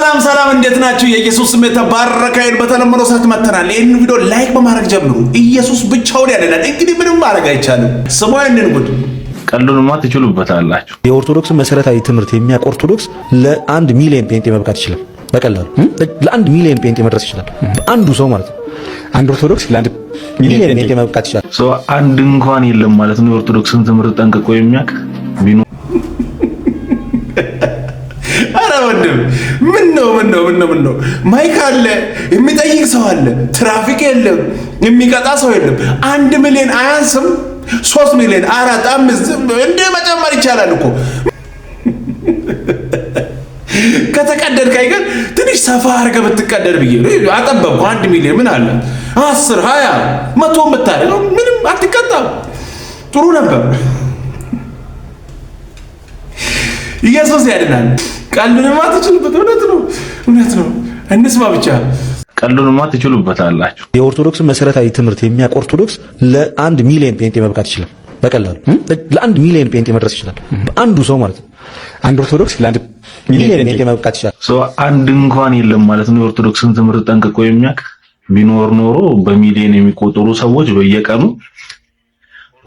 ሰላም ሰላም፣ እንዴት ናችሁ? የኢየሱስ ስም የተባረከ ይሁን። በተለመደው ሰዓት መተናል። ይህን ቪዲዮ ላይክ በማድረግ ጀምሩ። ኢየሱስ ብቻውን ያድናል። እንግዲህ ምንም ማድረግ አይቻልም። ስሙ ይህንን ጉድ ቀሉንማ ትችሉበታላችሁ። የኦርቶዶክስ መሰረታዊ ትምህርት የሚያውቅ ኦርቶዶክስ ለአንድ ሚሊዮን ጴንጤ መብቃት ይችላል። በቀላሉ ለአንድ ሚሊዮን ጴንጤ መድረስ ይችላል። አንዱ ሰው ማለት ነው። አንድ ኦርቶዶክስ ለአንድ ሚሊዮን ጴንጤ መብቃት ይችላል። አንድ እንኳን የለም ማለት ነው። የኦርቶዶክስን ትምህርት ጠንቅቆ የሚያውቅ ምን ነው ምን ነው ምን ነው ምን ነው? ማይክ አለ፣ የሚጠይቅ ሰው አለ፣ ትራፊክ የለም፣ የሚቀጣ ሰው የለም። አንድ ሚሊዮን አያንስም፣ ሶስት ሚሊዮን አራት አምስት እንደ መጨመር ይቻላል እኮ ከተቀደድ ካይ ግን ትንሽ ሰፋ አድርገህ ብትቀደድ ብዬ አጠበብኩ። አንድ ሚሊዮን ምን አለ አስር ሀያ መቶ ብታደርገው ምንም አትቀጣም። ጥሩ ነበር። ኢየሱስ ያድናል። ቀልዱንማ ትችሉበት። እውነት ነው፣ እውነት ነው። እንስማ ብቻ ቀልዱንማ ትችሉበታላችሁ። የኦርቶዶክስ መሰረታዊ ትምህርት የሚያውቅ ኦርቶዶክስ ለአንድ ሚሊዮን ጴንጤ መብቃት ይችላል። በቀላሉ ለአንድ ሚሊዮን ጴንጤ መድረስ ይችላል። በአንዱ ሰው ማለት ነው። አንድ ኦርቶዶክስ ለአንድ ሚሊዮን ጴንጤ መብቃት ይችላል። አንድ እንኳን የለም ማለት ነው። የኦርቶዶክስን ትምህርት ጠንቅቆ የሚያውቅ ቢኖር ኖሮ በሚሊዮን የሚቆጠሩ ሰዎች በየቀኑ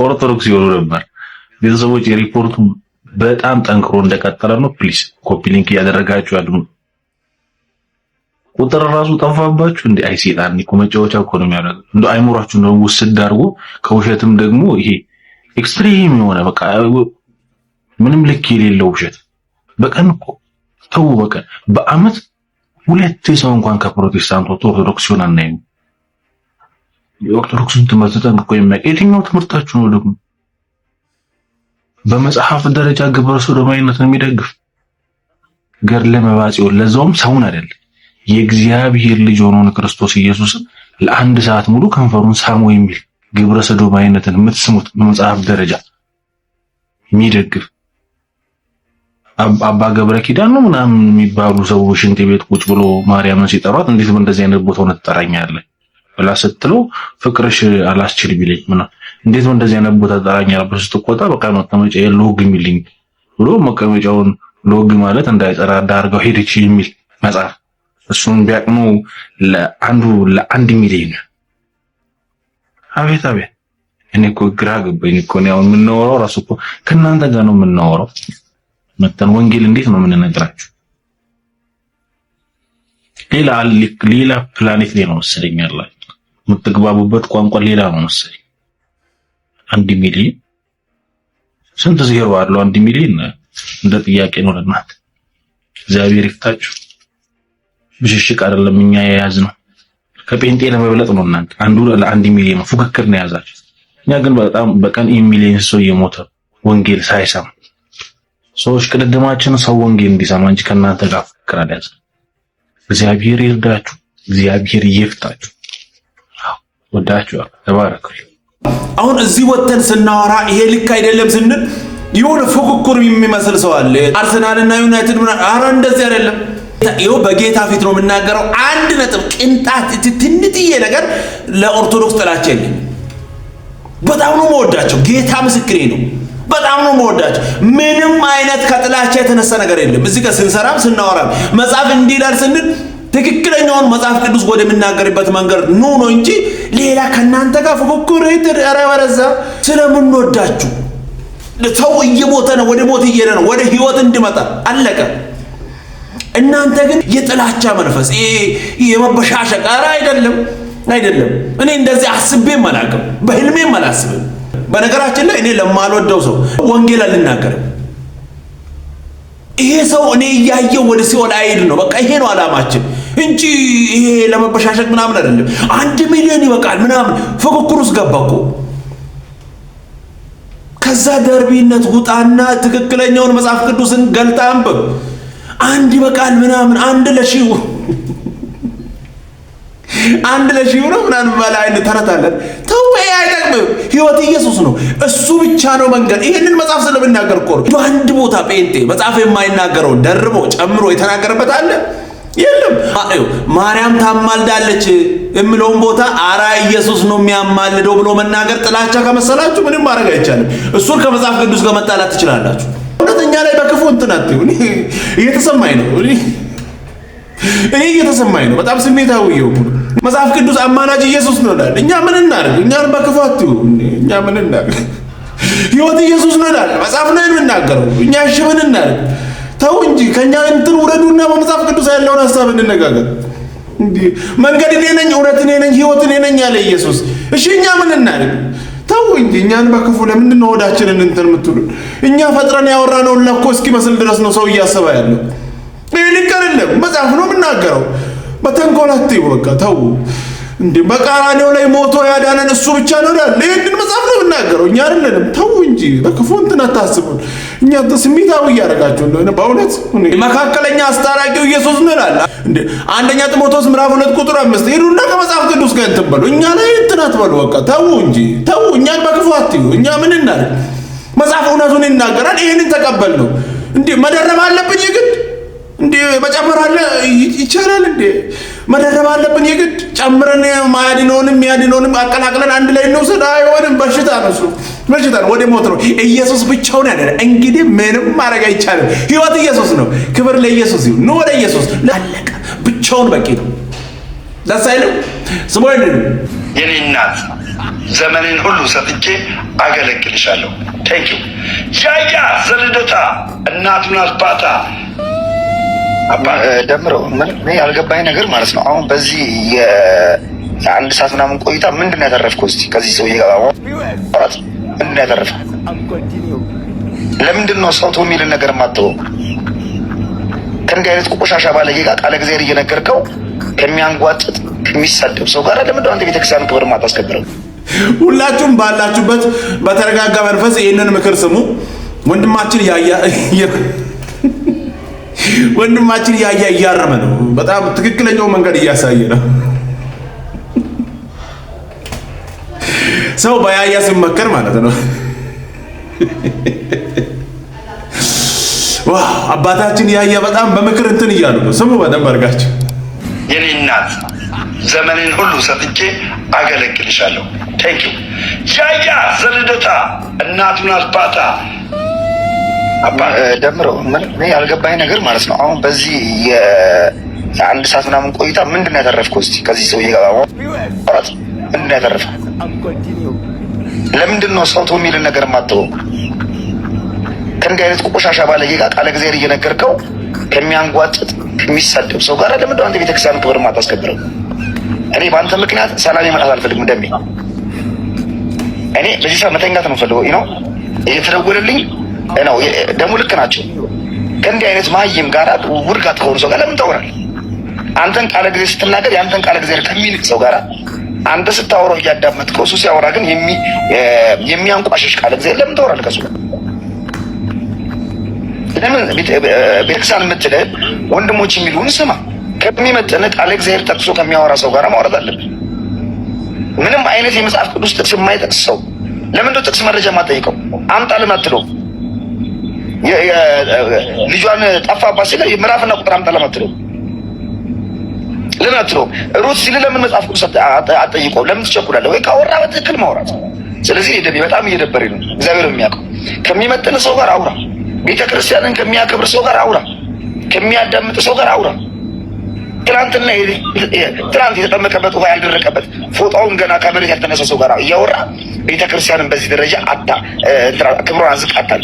ኦርቶዶክስ ይሆኑ ነበር። ቤተሰቦች የሪፖርቱ በጣም ጠንክሮ እንደቀጠለ ነው። ፕሊስ ኮፒ ሊንክ እያደረጋችሁ ያሉ ቁጥር ራሱ ጠፋባችሁ። እንደ አይ ሰይጣን እኮ መጫወቻ እኮ ነው የሚያደርገው። እንደ አይሞራችሁ ነው ውስድ አድርጎ ከውሸትም ደግሞ ይሄ ኤክስትሪም የሆነ በቃ ምንም ልክ የሌለው ውሸት በቀን እኮ ተው፣ በቀን በአመት ሁለት ሰው እንኳን ከፕሮቴስታንት ወጥቶ ኦርቶዶክስ ሲሆን አናይም። የኦርቶዶክሱን ትምህርት ጠንቅቆ የሚያውቅ የትኛው ትምህርታችሁ ነው ደግሞ? በመጽሐፍ ደረጃ ግብረ ሰዶማዊነትን የሚደግፍ ገድለ መባጽዮን ለዛውም ሰውን አይደለም የእግዚአብሔር ልጅ የሆነውን ክርስቶስ ኢየሱስን ለአንድ ሰዓት ሙሉ ከንፈሩን ሳሙ የሚል ግብረ ሰዶማዊነትን የምትስሙት በመጽሐፍ ደረጃ የሚደግፍ አባ ገብረ ኪዳን ነው ምናምን የሚባሉ ሰዎች ሽንት ቤት ቁጭ ብሎ ማርያምን ሲጠሯት እንዴት በእንደዚህ አይነት ቦታ ሆነ ትጠራኛለህ ብላ ስትለው ፍቅርሽ አላስችል ቢለኝ ምናምን እንዴት ነው እንደዚህ አይነት ቦታ ጠራኝ ያለበት ስትቆጣ በቃ መቀመጫ ሎግ የሚልኝ ብሎ መቀመጫውን ሎግ ማለት እንዳይጠራ እንዳርገው ሄደች የሚል መጽሐፍ እሱን ቢያቅሙ ለአንዱ ለአንድ ሚሊዮን አቤት አቤት እኔ እኮ ግራ ገባኝ እኮ አሁን የምናወራው ራሱ እኮ ከእናንተ ጋር ነው የምናወራው መተን ወንጌል እንዴት ነው የምንነግራችሁ ሌላ ሌላ ፕላኔት ላይ ነው መሰለኝ ያላችሁ የምትግባቡበት ቋንቋ ሌላ ነው መሰለኝ አንድ ሚሊዮን ስንት ዜሮ አለው? አንድ ሚሊዮን እንደ ጥያቄ ነው። ለእናት እግዚአብሔር ይፍታችሁ። ብሽሽቅ አይደለም እኛ የያዝ ነው። ከጴንጤ ለመብለጥ ነው እናንተ። አንዱ ለአንድ ሚሊዮን ፉክክር ነው የያዛችሁ። እኛ ግን በጣም በቀን ሚሊዮን ሰው እየሞተ ወንጌል ሳይሰማ ሰዎች ቅድድማችን ሰው ወንጌል እንዲሰማ እንጂ ከእናንተ ጋር ፉክክር አልያዝም። እግዚአብሔር ይርዳችሁ። እግዚአብሔር ይፍታችሁ። ወዳችሁ ተባረክ። አሁን እዚህ ወጥተን ስናወራ ይሄ ልክ አይደለም ስንል የሆነ ፉክክር የሚመስል ሰው አለ። አርሰናልና ዩናይትድ ምና አረ እንደዚህ አይደለም። ይኸው በጌታ ፊት ነው የምናገረው። አንድ ነጥብ ቅንጣት ትንጥዬ ነገር ለኦርቶዶክስ ጥላቻ የለኝ። በጣም ነው መወዳቸው። ጌታ ምስክሬ ነው። በጣም ነው መወዳቸው። ምንም አይነት ከጥላቻ የተነሳ ነገር የለም። እዚህ ጋር ስንሰራም ስናወራም መጽሐፍ እንዲህ ይላል ስንል ትክክለኛውን መጽሐፍ ቅዱስ ወደሚናገርበት መንገድ ኑ ነው እንጂ ሌላ ከእናንተ ጋር ፉክክር ረበረዛ ስለምንወዳችሁ ሰው እየሞተ ነው፣ ወደ ሞት እየሄደ ነው፣ ወደ ህይወት እንዲመጣ አለቀ። እናንተ ግን የጥላቻ መንፈስ የመበሻሸቅ ኧረ አይደለም አይደለም። እኔ እንደዚህ አስቤም አላቅም፣ በህልሜም አላስብም። በነገራችን ላይ እኔ ለማልወደው ሰው ወንጌል አልናገርም። ይሄ ሰው እኔ እያየው ወደ ሲኦል አይሄድ ነው። በቃ ይሄ ነው አላማችን። እንጂ ይሄ ለመበሻሸቅ ምናምን አይደለም። አንድ ሚሊዮን ይበቃል ምናምን ፉክክር ውስጥ ገባ እኮ። ከዛ ደርቢነት ውጣና ትክክለኛውን መጽሐፍ ቅዱስን ገልጣ አንብብ። አንድ ይበቃል ምናምን አንድ ለሺው አንድ ለሺው ነው ምናምን በላይ እንተረታለን። ተው፣ አይጠቅምም። ህይወት ኢየሱስ ነው፣ እሱ ብቻ ነው መንገድ። ይህንን መጽሐፍ ስለምናገር እኮ አንድ ቦታ ጴንጤ መጽሐፍ የማይናገረው ደርቦ ጨምሮ የተናገረበት አለ። የለም አዩ ማርያም ታማልዳለች የምለውን ቦታ አራ ኢየሱስ ነው የሚያማልደው ብሎ መናገር ጥላቻ ከመሰላችሁ ምንም ማድረግ አይቻልም። እሱን ከመጽሐፍ ቅዱስ ጋር መጣላት ትችላላችሁ። እውነተኛ ላይ በክፉ እንትናት አትይው። እየተሰማኝ ነው እኔ እየተሰማኝ ነው። በጣም ስሜታዊ የሆኑ መጽሐፍ ቅዱስ አማላጅ ኢየሱስ ነው ይላል። እኛ ምን እናድርግ? እኛን በክፉ አትዩ። እኛ ምን እናድርግ? ሕይወት ኢየሱስ ነው ይላል መጽሐፍ ነው የምናገረው። እኛ እሺ ምን እናድርግ? ተው እንጂ ከኛ እንትን ውረዱና በመጽሐፍ ቅዱስ ያለውን ሀሳብ እንነጋገር። እንዲህ መንገድ እኔ ነኝ፣ እውነት እኔ ነኝ፣ ህይወት እኔ ነኝ ያለ ኢየሱስ። እሺ እኛ ምን እናደርግ? ተው እንጂ እኛን በክፉ ለምንድን ነው ሆዳችንን እንትን የምትሉን? እኛ ፈጥረን ያወራነውን ለኮ እስኪመስል ድረስ ነው ሰው እያሰበ ያለው። ይህ ልክ አይደለም። መጽሐፍ ነው የምናገረው። በተንኮል አትዩ። በቃ ተው። እንዴ በቃራኔው ላይ ሞቶ ያዳነን እሱ ብቻ ነው ዳል። ይህንን መጽሐፍ ነው የምናገረው፣ እኛ አይደለንም። ተው እንጂ በክፉ እንትን አታስቡን። እኛ ስሜታዊ እያደረጋችሁ እንደሆነ በእውነት መካከለኛ አስታራቂው ኢየሱስ እንላል። እንዴ አንደኛ ጢሞቴዎስ ምዕራፍ ሁለት ቁጥር አምስት ሄዱና ከመጽሐፍ ቅዱስ ጋር እንትን በሉ። እኛ ላይ እንትን አትበሉ። በቃ ተው እንጂ ተው፣ እኛን በክፉ አትዩ። እኛ ምን እናደርግ? መጽሐፍ እውነቱን ይናገራል። ይህንን ተቀበል ነው እንዴ መደረብ አለብኝ ግን እንዴ መጨመር አለ ይቻላል እንዴ መደረብ አለብን የግድ ጨምረን ማያድነውንም ያድነውንም አቀላቅለን አንድ ላይ እንውሰድ አይሆንም በሽታ ነው እሱ በሽታ ነው ወደ ሞት ነው ኢየሱስ ብቻውን ያደረ እንግዲህ ምንም ማድረግ አይቻልም ህይወት ኢየሱስ ነው ክብር ለኢየሱስ ይሁን ኑ ወደ ኢየሱስ አለቀ ብቻውን በቂ ነው ደስ አይልም ስሞ የኔ እናት ዘመንን ሁሉ ሰጥቼ አገለግልሻለሁ ቴንኪው ያያ ዘልደታ እናቱን አልባታ ደምረው ያልገባኝ ነገር ማለት ነው። አሁን በዚህ የአንድ ሰዓት ምናምን ቆይታ ምንድን ነው ያተረፍከው? እስኪ ከዚህ ሰው ጋር ምንድን ነው ለምንድን ነው ሰው ተው የሚልን ነገር የማትበው? ከእንዲህ አይነት ቆሻሻ ባለጌ ጋር ቃለ እግዚአብሔር እየነገርከው ከሚያንጓጥጥ ከሚሳደብ ሰው ጋር ለምንድን ነው አንተ ቤተክርስቲያን ክብር ማታስከብረው? ሁላችሁም ባላችሁበት በተረጋጋ መንፈስ ይህንን ምክር ስሙ። ወንድማችን ወንድማችን እያያ እያረመ ነው። በጣም ትክክለኛው መንገድ እያሳየ ነው። ሰው በያያ ሲመከር ማለት ነው። ዋ አባታችን ያያ በጣም በምክር እንትን እያሉ ነው። ስሙ በደንብ አድርጋችሁ። የኔ እናት ዘመኔን ሁሉ ሰጥቼ አገለግልሻለሁ። ዩ ያያ ዘልደታ እናቱን አባታ ደምረው ምን ያልገባኝ ነገር ማለት ነው። አሁን በዚህ የአንድ ሰዓት ምናምን ቆይታ ምንድን ነው ያተረፍከው? እስኪ ከዚህ ሰውዬ ጋር ማውራት ምንድን ነው ያተረፍከው? ለምንድን ነው ሰው ተው የሚልን ነገር ማተው? ከእንዲህ አይነት ቆሻሻ ባለጌ ጋር ቃለ እግዚአብሔር እየነገርከው ከሚያንጓጥጥ ከሚሳደብ ሰው ጋር ለምንድን ነው አንተ ቤተክርስቲያን ክብር ማታስከብረው? እኔ በአንተ ምክንያት ሰላም መጣት አልፈልግም። ደሜ እኔ በዚህ ሰዓት መተኛት ነው ፈልገው ነው እየተደወለልኝ ነው ደግሞ ልክ ናቸው። ከእንዲህ አይነት መሀይም ጋር ውርጋት ከሆኑ ሰው ጋር ለምን ትሆናለህ? አንተን ቃለ ጊዜ ስትናገር የአንተን ቃለ ጊዜ ከሚንቅ ሰው ጋር አንተ ስታወራው እያዳመጥከው እሱ ሲያወራ ግን የሚያንቋሽሽ ቃለ ጊዜ ለምን ትሆናለህ? ከሱ ጋር ለምን ቤተክርስቲያን የምትል ወንድሞች የሚሉን ስማ ከሚመጥን ቃለ እግዚአብሔር ጠቅሶ ከሚያወራ ሰው ጋር ማውራት አለብን። ምንም አይነት የመጽሐፍ ቅዱስ ጥቅስ የማይጠቅስ ሰው ለምንድን ጥቅስ መረጃ የማጠይቀው አምጣ አትለውም? ልጇን ጠፋባት ሲል ምዕራፍና ቁጥር አምጣልም አትለውም። ለምን አትለውም? ሩት ሲል ለምን መጽሐፍ ቅዱስ አጠይቆ ለምን ትቸኩላለ? ወይ ካወራ በትክክል ማውራት። ስለዚህ ደሜ በጣም እየደበረ ነው። እግዚአብሔር የሚያውቀው ከሚመጥን ሰው ጋር አውራ። ቤተ ክርስቲያንን ከሚያከብር ሰው ጋር አውራ። ከሚያዳምጥ ሰው ጋር አውራ። ትናንትና ትናንት የተጠመቀበት ውሃ ያልደረቀበት ፎጣውን ገና ከመሬት ያልተነሳ ሰው ጋር እያወራ ቤተ ክርስቲያንን በዚህ ደረጃ አታ ክብሯን አዝቃታል።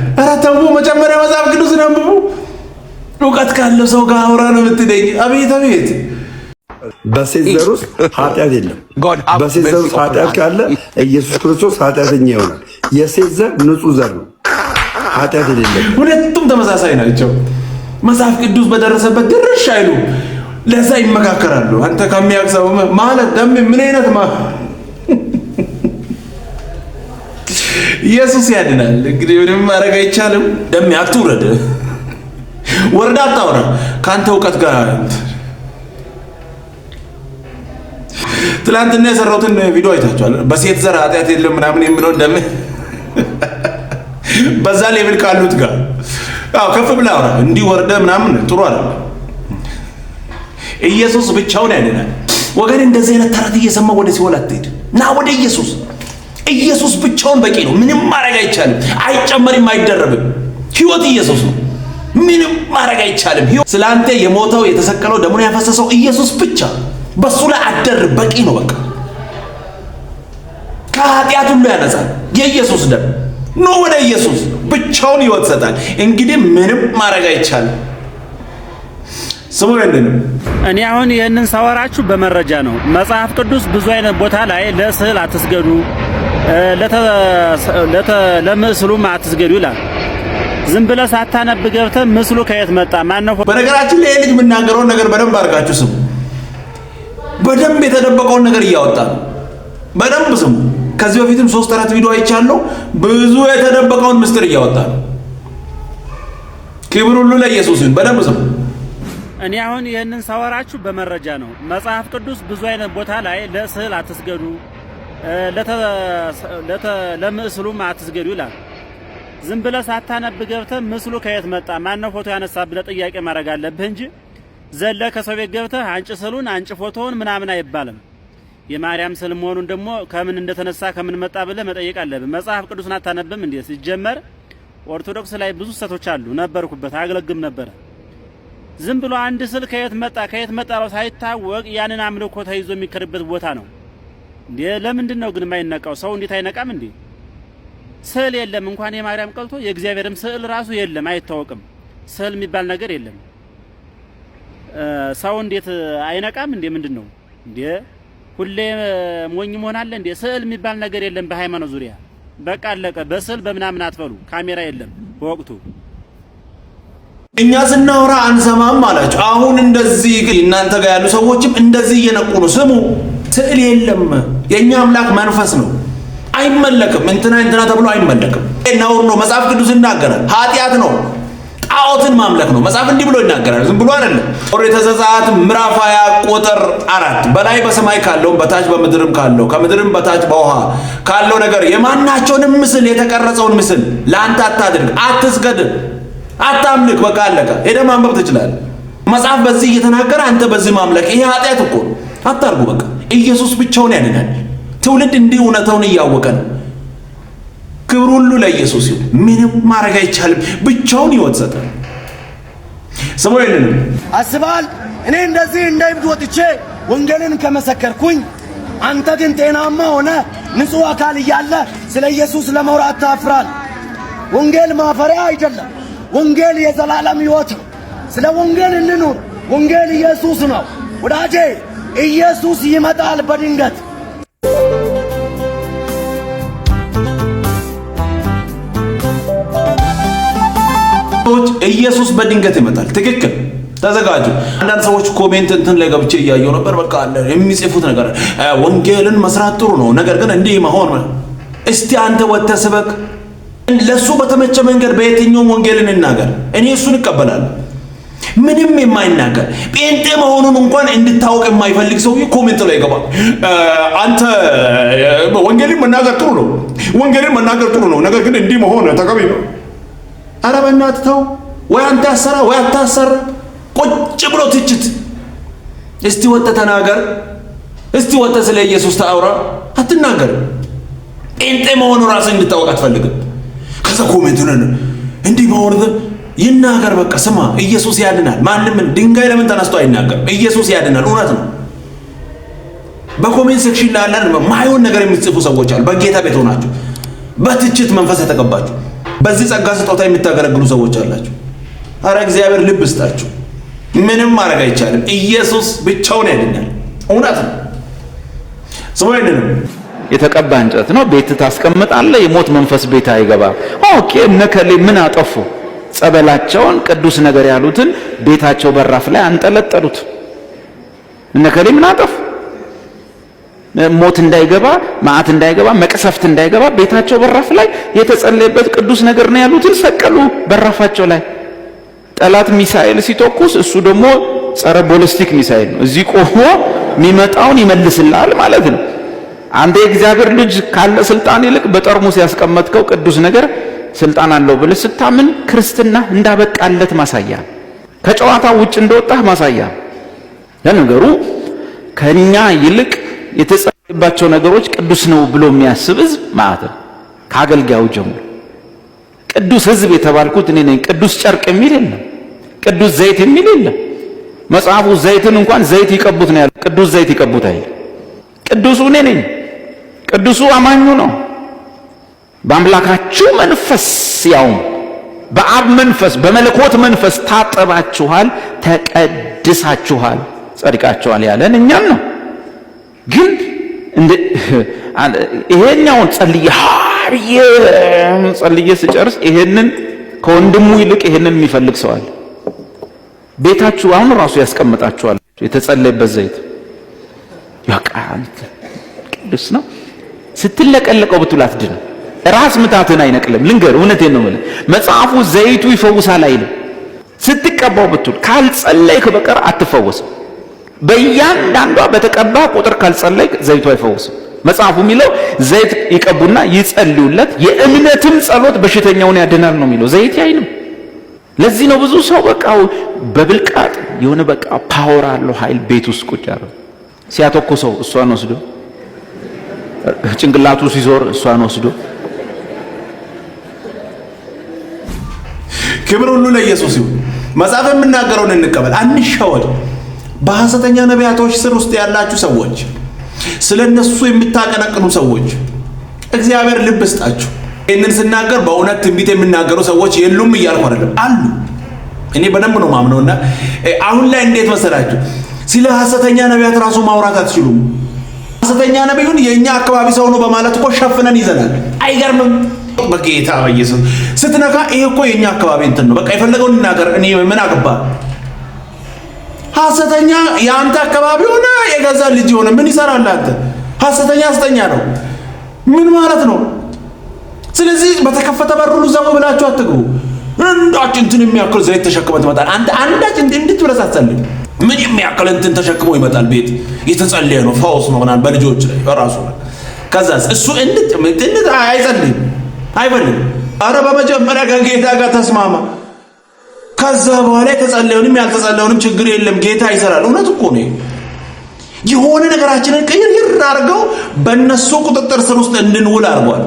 ኧረ ተው፣ መጀመሪያ መጽሐፍ ቅዱስ አንብቡ። እውቀት ካለው ሰው ጋር አውራ ነው የምትለኝ። አቤት አቤት። በሴት ዘር ውስጥ ኃጢአት የለም። በሴት ዘር ውስጥ ኃጢአት ካለ ኢየሱስ ክርስቶስ ኃጢአተኛ ይሆናል። የሴት ዘር ንጹህ ዘር ነው፣ ኃጢአት የሌለም። ሁለቱም ተመሳሳይ ናቸው። መጽሐፍ ቅዱስ በደረሰበት ድርሽ አይሉ ለዛ ይመካከራሉ። አንተ ከሚያቅሰው ማለት ምን አይነት ኢየሱስ ያድናል። እንግዲህ ምንም ማድረግ አይቻልም። ደሜ አትውረድ፣ ወርዳ አታውራ። ከአንተ እውቀት ጋር ትላንትና የሰራሁትን ቪዲዮ አይታችኋል። በሴት ዘር ኃጢአት የለም ምናምን የሚለው ደሜ በዛ ሌብል ካሉት ጋር አዎ ከፍ ብላ አውራ። እንዲህ ወርደ ምናምን ጥሩ አይደለም። ኢየሱስ ብቻውን ያድናል። ወገን እንደዚህ አይነት ተረት እየሰማ ወደ ሲወል አትሄድ። ና ወደ ኢየሱስ ኢየሱስ ብቻውን በቂ ነው። ምንም ማድረግ አይቻልም። አይጨመርም፣ አይደረብም። ህይወት ኢየሱስ ነው። ምንም ማድረግ አይቻልም። ስለ አንተ የሞተው የተሰቀለው ደሙን ያፈሰሰው ኢየሱስ ብቻ፣ በሱ ላይ አደር፣ በቂ ነው። በቃ ከኃጢአት ሁሉ ያነጻል የኢየሱስ ደም። ኑ ወደ ኢየሱስ። ብቻውን ህይወት ይሰጣል። እንግዲህ ምንም ማድረግ አይቻልም። ስሙ እኔ አሁን ይህንን ሳወራችሁ በመረጃ ነው። መጽሐፍ ቅዱስ ብዙ አይነት ቦታ ላይ ለስዕል አትስገዱ ለምስሉም አትስገዱ ይላል። ዝም ብለህ ሳታነብ ገብተህ ምስሉ ከየት መጣ ማነው? በነገራችን ላይ ልጅ የምናገረውን ነገር በደንብ አድርጋችሁ ስሙ። በደንብ የተደበቀውን ነገር እያወጣ ነው። በደንብ ስሙ። ከዚህ በፊትም ሶስት አራት ቪዲዮ አይቻለሁ። ብዙ የተደበቀውን ምስጢር እያወጣ ነው። ክብር ሁሉ ለኢየሱስ ይሁን። በደንብ ስሙ። እኔ አሁን ይህንን ሳወራችሁ በመረጃ ነው። መጽሐፍ ቅዱስ ብዙ አይነት ቦታ ላይ ለስዕል አትስገዱ ለምስሉ አትስገዱ ይላል። ዝም ብለህ ሳታነብ ገብተህ ምስሉ ከየት መጣ ማነው ፎቶ ያነሳ ብለህ ጥያቄ ማድረግ አለብህ እንጂ ዘለ ከሰው ቤት ገብተህ አንጭ ስሉን አንጭ ፎቶውን ምናምን አይባልም። የማርያም ስል መሆኑን ደግሞ ከምን እንደተነሳ ከምን መጣ ብለህ መጠየቅ አለብህ። መጽሐፍ ቅዱስን አታነብም እንዴ? ሲጀመር ኦርቶዶክስ ላይ ብዙ ስህተቶች አሉ። ነበርኩበት፣ አገለግም ነበረ። ዝም ብሎ አንድ ስል ከየት መጣ ከየት መጣ ሳይታወቅ ያንን አምልኮ ተይዞ የሚከርበት ቦታ ነው። ለምንድን ነው ግን የማይነቃው? ሰው እንዴት አይነቃም እንዴ? ስዕል የለም እንኳን የማርያም ቀልቶ የእግዚአብሔርም ስዕል ራሱ የለም፣ አይታወቅም። ስዕል የሚባል ነገር የለም። ሰው እንዴት አይነቃም እንዴ? ምንድን ነው እንዴ? ሁሌ ሞኝ መሆን አለ እንዴ? ስዕል የሚባል ነገር የለም በሃይማኖት ዙሪያ በቃ አለቀ። በስዕል በምናምን አትበሉ። ካሜራ የለም በወቅቱ እኛ ስናወራ አንሰማም አላቸው አሁን እንደዚህ እናንተ ጋር ያሉ ሰዎችም እንደዚህ እየነቁ ነው። ስሙ ስዕል የለም። የእኛ አምላክ መንፈስ ነው። አይመለክም። እንትና እንትና ተብሎ አይመለክም። ነውር ነው። መጽሐፍ ቅዱስ ይናገራል። ኃጢአት ነው። ጣዖትን ማምለክ ነው። መጽሐፍ እንዲህ ብሎ ይናገራል። ዝም ብሎ አይደለም። ኦሪት ዘጸአት ምዕራፍ ቁጥር አራት በላይ በሰማይ ካለው በታች በምድርም ካለው ከምድርም በታች በውሃ ካለው ነገር የማናቸውንም ምስል የተቀረጸውን ምስል ለአንተ አታድርግ፣ አትስገድ፣ አታምልክ። በቃ አለቀ። ሄደ ማንበብ ትችላለህ። መጽሐፍ በዚህ እየተናገረ አንተ በዚህ ማምለክ ይሄ ኃጢአት እኮ አታርጉ በቃ ኢየሱስ ብቻውን ያድናል። ትውልድ እንዲህ እውነታውን እያወቀ ነው። ክብር ሁሉ ለኢየሱስ ይሁን። ምንም ማድረግ አይቻልም። ብቻውን ሕይወት ሰጣል። ስሙ ይልንም እኔ እንደዚህ እንደ ወጥቼ ወንጌልን ከመሰከርኩኝ፣ አንተ ግን ጤናማ ሆነ ንጹሕ አካል እያለ ስለ ኢየሱስ ለመውራት ታፍራል። ወንጌል ማፈሪያ አይደለም። ወንጌል የዘላለም ሕይወት ነው። ስለ ወንጌል እንኑር። ወንጌል ኢየሱስ ነው ወዳጄ። ኢየሱስ ይመጣል በድንገት። ኢየሱስ በድንገት ይመጣል። ትክክል። ተዘጋጁ። አንዳንድ ሰዎች ኮሜንት እንትን ላይ ገብቼ እያየው ነበር። በቃ የሚጽፉት ነገር ወንጌልን መስራት ጥሩ ነው፣ ነገር ግን እንዲህ መሆን እስቲ አንተ ወተህ ለሱ በተመቸ መንገድ በየትኛውም ወንጌልን እናገር። እኔ እሱን እቀበላለሁ። ምንም የማይናገር ጴንጤ መሆኑን እንኳን እንድታወቅ የማይፈልግ ሰው ኮሜንት ላይ ይገባል። አንተ ወንጌልን መናገር ጥሩ ነው፣ ወንጌልን መናገር ጥሩ ነው፣ ነገር ግን እንዲህ መሆን ተገቢ ነው። ኧረ በእናትህ ተው፣ ወይ አንተ አሰራ ወይ አታሰራ። ቁጭ ብሎ ትችት። እስቲ ወጥተህ ተናገር፣ እስቲ ወጥተህ ስለ ኢየሱስ ተአውራ። አትናገር። ጴንጤ መሆኑ ራስህ እንድታወቅ አትፈልግም። ከዛ ኮሜንት እንዲህ መሆን ይናገር በቃ ስማ፣ ኢየሱስ ያድናል። ማንም ድንጋይ ለምን ተነስቶ አይናገርም? ኢየሱስ ያድናል። እውነት ነው። በኮሜንት ሴክሽን ላይ አለን ማይሆን ነገር የሚጽፉ ሰዎች አሉ። በጌታ ቤት ሆናችሁ በትችት መንፈስ የተቀባችሁ በዚህ ጸጋ ስጦታ የምታገለግሉ ሰዎች አላችሁ። አረ እግዚአብሔር ልብ ስጣችሁ። ምንም ማድረግ አይቻልም። ኢየሱስ ብቻውን ያድናል። እውነት ነው። ስሙ የተቀባ እንጨት ነው ቤት ታስቀምጣለ። የሞት መንፈስ ቤት አይገባም። ኦኬ እነከሌ ምን አጠፉ? ጸበላቸውን ቅዱስ ነገር ያሉትን ቤታቸው በራፍ ላይ አንጠለጠሉት። እነከሌ ምን አጠፉ? ሞት እንዳይገባ፣ መዓት እንዳይገባ፣ መቅሰፍት እንዳይገባ ቤታቸው በራፍ ላይ የተጸለየበት ቅዱስ ነገር ነው ያሉትን ሰቀሉ በራፋቸው ላይ። ጠላት ሚሳኤል ሲተኩስ እሱ ደግሞ ጸረ ቦለስቲክ ሚሳኤል ነው። እዚህ ቆሞ የሚመጣውን ይመልስልሃል ማለት ነው። አንተ የእግዚአብሔር ልጅ ካለ ስልጣን ይልቅ በጠርሙስ ያስቀመጥከው ቅዱስ ነገር ስልጣን አለው ብለህ ስታምን ክርስትና እንዳበቃለት ማሳያ፣ ከጨዋታ ውጭ እንደወጣህ ማሳያ። ለነገሩ ከኛ ይልቅ የተጻፈባቸው ነገሮች ቅዱስ ነው ብሎ የሚያስብ ህዝብ ማለት ነው። ከአገልጋዩ ጀምሮ ቅዱስ ህዝብ የተባልኩት እኔ ነኝ። ቅዱስ ጨርቅ የሚል የለም፣ ቅዱስ ዘይት የሚል የለም። መጽሐፉ ዘይትን እንኳን ዘይት ይቀቡት ነው ያለው። ቅዱስ ዘይት ይቀቡት አይደል? ቅዱሱ እኔ ነኝ። ቅዱሱ አማኙ ነው። በአምላካችሁ መንፈስ ያውም በአብ መንፈስ በመለኮት መንፈስ ታጠባችኋል፣ ተቀድሳችኋል፣ ጸድቃችኋል ያለን እኛን ነው። ግን ይሄኛውን ጸልየ ሀብዬ ጸልየ ስጨርስ ይሄንን ከወንድሙ ይልቅ ይሄንን የሚፈልግ ሰዋል። ቤታችሁ አሁን ራሱ ያስቀምጣችኋል። የተጸለይበት ዘይት ቅዱስ ነው። ስትለቀለቀው ብትውላት ድነው ራስ ምታትን አይነቅልም። ልንገር፣ እውነቴን ነው የምልህ። መጽሐፉ ዘይቱ ይፈውሳል አይልም። ስትቀባው ብትውል ካልጸለይክ በቀር አትፈወስም። በእያንዳንዷ በተቀባ ቁጥር ካልጸለይክ ዘይቱ አይፈወስም። መጽሐፉ የሚለው ዘይት ይቀቡና ይጸልዩለት፣ የእምነትም ጸሎት በሽተኛውን ያድናል ነው የሚለው። ዘይት አይልም። ለዚህ ነው ብዙ ሰው በቃ በብልቃጥ የሆነ በቃ ፓወር አለው ኃይል ቤት ውስጥ ቁጭ ሲያተኩሰው እሷን ወስዶ ጭንቅላቱ ሲዞር እሷን ወስዶ ክብር ሁሉ ለኢየሱስ ይሁን። መጽሐፍ የምናገረውን እንቀበል፣ አንሸወድ። በሐሰተኛ ነቢያቶች ስር ውስጥ ያላችሁ ሰዎች፣ ስለ እነሱ የምታቀነቅኑ ሰዎች እግዚአብሔር ልብ ስጣችሁ። ይህንን ስናገር በእውነት ትንቢት የሚናገሩ ሰዎች የሉም እያልኩ አይደለም፣ አሉ። እኔ በደንብ ነው ማምነውና አሁን ላይ እንዴት መሰላችሁ፣ ስለ ሐሰተኛ ነቢያት ራሱ ማውራት አትችሉም። ሐሰተኛ ነቢዩን የእኛ አካባቢ ሰው ነው በማለት እኮ ሸፍነን ይዘናል። አይገርምም? በጌታ በኢየሱስ ስትነካ፣ ይሄ እኮ የኛ አካባቢ እንትን ነው። በቃ የፈለገውን እናገር፣ እኔ ምን አገባ። ሐሰተኛ የአንተ አካባቢ ሆነ የገዛ ልጅ ሆነ ምን ይሰራል አንተ? ሐሰተኛ ሐሰተኛ ነው። ምን ማለት ነው? ስለዚህ በተከፈተ በር ሁሉ ዘው ብላችሁ አትግቡ። አንዳች እንትን የሚያክል ዘይት ተሸክመ ትመጣል። አንተ አንዳች እንድት ብለሳሰልኝ ምን የሚያክል እንትን ተሸክሞ ይመጣል። ቤት የተጸለየ ነው፣ ፈውስ ነው ምናምን በልጆች ላይ በራሱ ላይ ከዛ እሱ እንድት አይጸልይም አይፈልግም። አረ በመጀመሪያ ከጌታ ጋር ተስማማ። ከዛ በኋላ የተጸለየውንም ያልተጸለየውንም ችግር የለም ጌታ ይሰራል። እውነት እኮ ነው። የሆነ ነገራችንን ቅይር አድርገው በእነሱ ቁጥጥር ስር ውስጥ እንድንውል አድርጓል።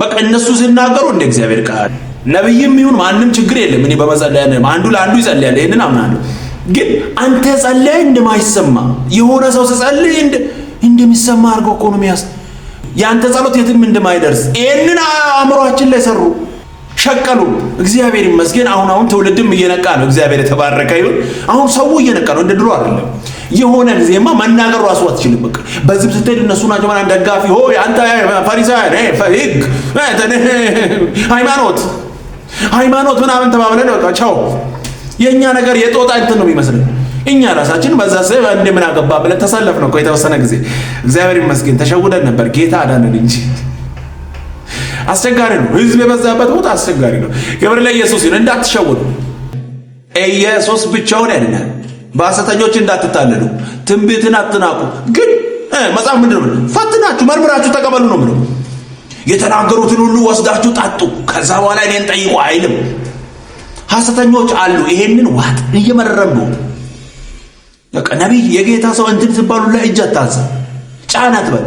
በቃ እነሱ ሲናገሩ እንደ እግዚአብሔር ቃል ነቢይም ይሁን ማንም ችግር የለም። እኔ በመጸለያ አንዱ ለአንዱ ይጸልያል። ይህንን አምናለሁ። ግን አንተ ጸለይ እንደማይሰማ የሆነ ሰው ስጸልይ እንደሚሰማ አድርገው እኮ ነው የሚያስ የአንተ ጸሎት የትም እንደማይደርስ ይህንን አእምሯችን ላይ ሰሩ፣ ሸቀሉ። እግዚአብሔር ይመስገን አሁን አሁን ትውልድም እየነቃ ነው። እግዚአብሔር የተባረከ ይሁን። አሁን ሰው እየነቃ ነው፣ እንደ ድሮ አይደለም። የሆነ ጊዜማ መናገር ራሱ አትችልም። በቃ በዚህ ስትሄድ እነሱ ናቸው ማን ደጋፊ ሆ አንተ ፈሪሳውያን ህግ ሃይማኖት ሃይማኖት ምናምን ተባብለን ቻው የእኛ ነገር የጦጣ እንትን ነው የሚመስለን እኛ ራሳችን በዛ ሰው እንደ ምን አገባ ብለን ተሰለፍን እኮ የተወሰነ ጊዜ። እግዚአብሔር ይመስገን ተሸውደን ነበር፣ ጌታ አዳነን እንጂ አስቸጋሪ ነው። ህዝብ የበዛበት ቦታ አስቸጋሪ ነው። ክብር ለኢየሱስ ይሁን። እንዳትሸወዱ። ኢየሱስ ብቻውን ያድናል። በሐሰተኞች እንዳትታለሉ። ትንቢትን አትናቁ። ግን መጽሐፍ ምንድን ነው? ፈትናችሁ መርምራችሁ ተቀበሉ ነው ብሎ የተናገሩትን ሁሉ ወስዳችሁ ጠጡ፣ ከዛ በኋላ እኔን ጠይቁ አይልም። ሐሰተኞች አሉ። ይሄንን ዋጥ እየመረረም ነው በቃ ነቢይ የጌታ ሰው እንትን ስባሉ ላይ እጅ አታንሳ፣ ጫን አትበል።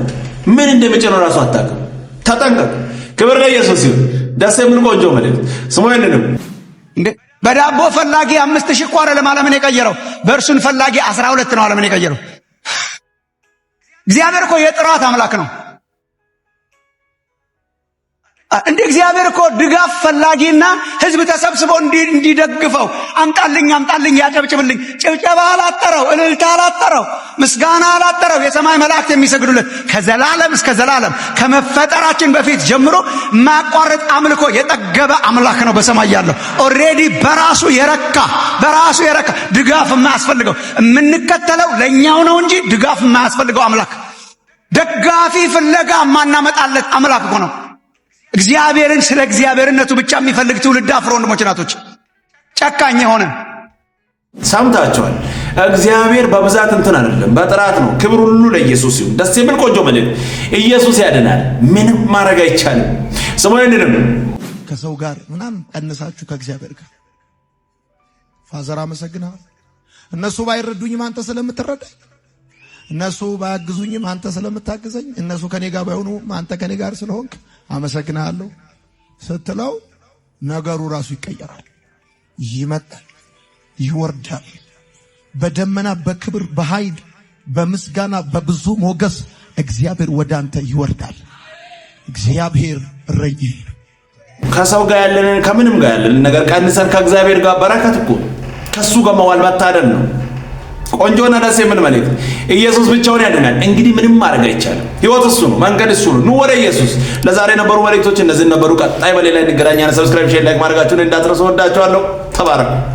ምን እንደሚጭነው ራሱ አታውቅም። ተጠንቀቅ። ክብር ለኢየሱስ ይሁን። ደስ የሚል ቆንጆ መልእክት ስሙ። ይንንም በዳቦ ፈላጊ አምስት ሺህ እኮ አይደለም ዓለምን የቀየረው፣ በእርሱን ፈላጊ አስራ ሁለት ነው ዓለምን የቀየረው። እግዚአብሔር እኮ የጥራት አምላክ ነው። እንደ እግዚአብሔር እኮ ድጋፍ ፈላጊና ህዝብ ተሰብስቦ እንዲደግፈው አምጣልኝ አምጣልኝ ያጨብጭብልኝ። ጭብጨባ አላጠረው፣ እልልታ አላጠረው፣ ምስጋና አላጠረው። የሰማይ መላእክት የሚሰግዱለት ከዘላለም እስከ ዘላለም ከመፈጠራችን በፊት ጀምሮ ማቋረጥ አምልኮ የጠገበ አምላክ ነው። በሰማይ ያለው ኦሬዲ በራሱ የረካ በራሱ የረካ ድጋፍ የማያስፈልገው የምንከተለው ለእኛው ነው እንጂ ድጋፍ የማያስፈልገው አምላክ ደጋፊ ፍለጋ የማናመጣለት አምላክ እኮ ነው። እግዚአብሔርን ስለ እግዚአብሔርነቱ ብቻ የሚፈልግ ትውልድ አፍሮ ወንድሞች ናቶች ጨካኝ የሆነ ሰምታችኋል። እግዚአብሔር በብዛት እንትን አይደለም፣ በጥራት ነው። ክብር ሁሉ ለኢየሱስ ይሁን። ደስ የሚል ቆንጆ መልእክት። ኢየሱስ ያድናል። ምንም ማድረግ አይቻልም። ስሞይንንም ከሰው ጋር ምናምን ቀንሳችሁ ከእግዚአብሔር ጋር ፋዘር አመሰግናል። እነሱ ባይረዱኝም አንተ ስለምትረዳኝ፣ እነሱ ባያግዙኝም አንተ ስለምታግዘኝ፣ እነሱ ከኔ ጋር ባይሆኑ አንተ ከኔ ጋር ስለሆንክ አመሰግናለሁ ስትለው ነገሩ ራሱ ይቀየራል፣ ይመጣል፣ ይወርዳል። በደመና በክብር በኃይል በምስጋና በብዙ ሞገስ እግዚአብሔር ወደ አንተ ይወርዳል። እግዚአብሔር እረኝ። ከሰው ጋር ያለንን ከምንም ጋር ያለንን ነገር ቀንሰን ከእግዚአብሔር ጋር በረከት እኮ ከእሱ ጋር መዋል መታደል ነው። ቆንጆ ቆንጆና ደስ የምን መልእክት ኢየሱስ ብቻውን ያድናል። እንግዲህ ምንም ማድረግ አይቻልም። ህይወት እሱ ነው፣ መንገድ እሱ ነው። ኑ ወደ ኢየሱስ። ለዛሬ የነበሩ መልእክቶች እነዚህ ነበሩ። ቀጣይ በሌላ እንገናኛለን። ሰብስክራይብ፣ ሼር፣ ላይክ ማድረጋችሁን እንዳትረሱ። ወዳችኋለሁ። ተባረኩ።